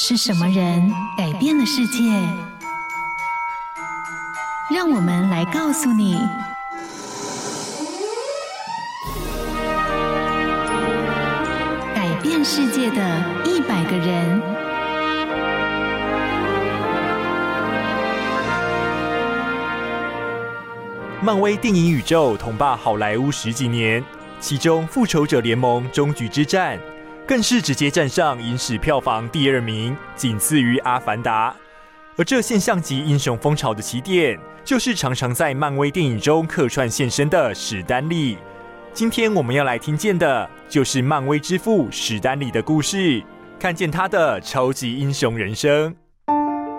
是什麼人改變了世界？讓我們來告訴你：改變世界的一百個人。漫威電影宇宙統霸好萊塢十幾年，其中《復仇者聯盟：終局之戰》，更是直接站上影史票房第二名，僅次於《阿凡達》。而這現象級英雄風潮的起點，就是常常在漫威電影中客串現身的史丹李。今天我們要來聽見的就是漫威之父史丹李的故事，看見他的超級英雄人生。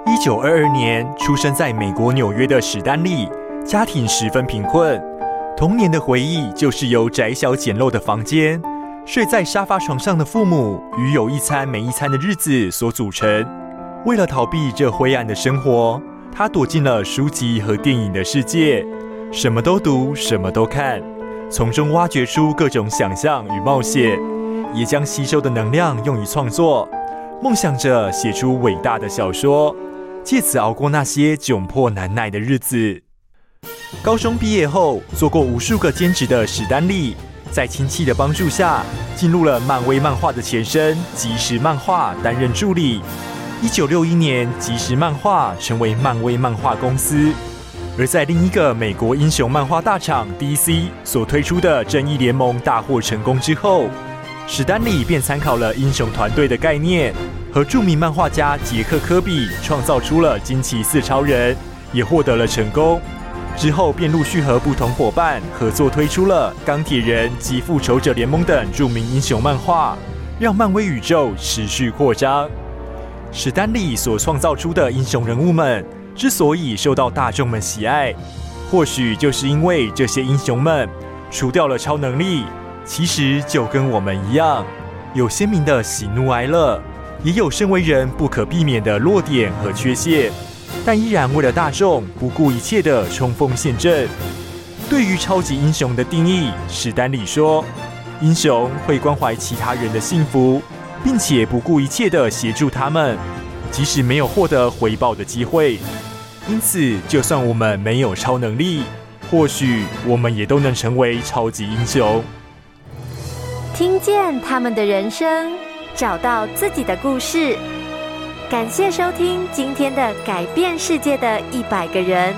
一九二二年出生在美國紐約的史丹李，家庭十分貧困，童年的回憶就是由窄小簡陋的房間。睡在沙發床上的父母與有一餐沒一餐的日子所組成。為了逃避這灰暗的生活，他躲進了書籍和電影的世界，什麼都讀，什麼都看，從中挖掘出各種想象與冒險，也將吸收的能量用於創作，夢想着寫出偉大的小說，借此熬過那些窘迫難耐的日子。高中畢業後，做過無數個兼職的史丹李，在親戚的幫助下，進入了漫威漫畫的前身《及時漫畫》擔任助理。一九六一年，《及時漫畫》成為漫威漫畫公司。而在另一個美國英雄漫畫大廠 DC 所推出的《正義聯盟》大獲成功之後，史丹李便參考了英雄團隊的概念，和著名漫畫家傑克·科比創造出了《驚奇四超人》，也獲得了成功。之後便陸續和不同伙伴合作，推出了《鋼鐵人》及《復仇者聯盟》等著名英雄漫畫，讓漫威宇宙持續擴張。史丹李所創造出的英雄人物們之所以受到大眾們喜愛，或許就是因為這些英雄們除掉了超能力，其實就跟我們一樣，有鮮明的喜怒哀樂，也有身為人不可避免的弱點和缺陷。但依然為了大眾不顧一切地衝鋒陷陣。對於超級英雄的定義，史丹李說：“英雄會關懷其他人的幸福，並且不顧一切地協助他們，即使沒有獲得回報的機會。因此，就算我們沒有超能力，或許我們也都能成為超級英雄。聽見他們的人生，找到自己的故事。”感謝收聽今天的《改變世界的一百個人》。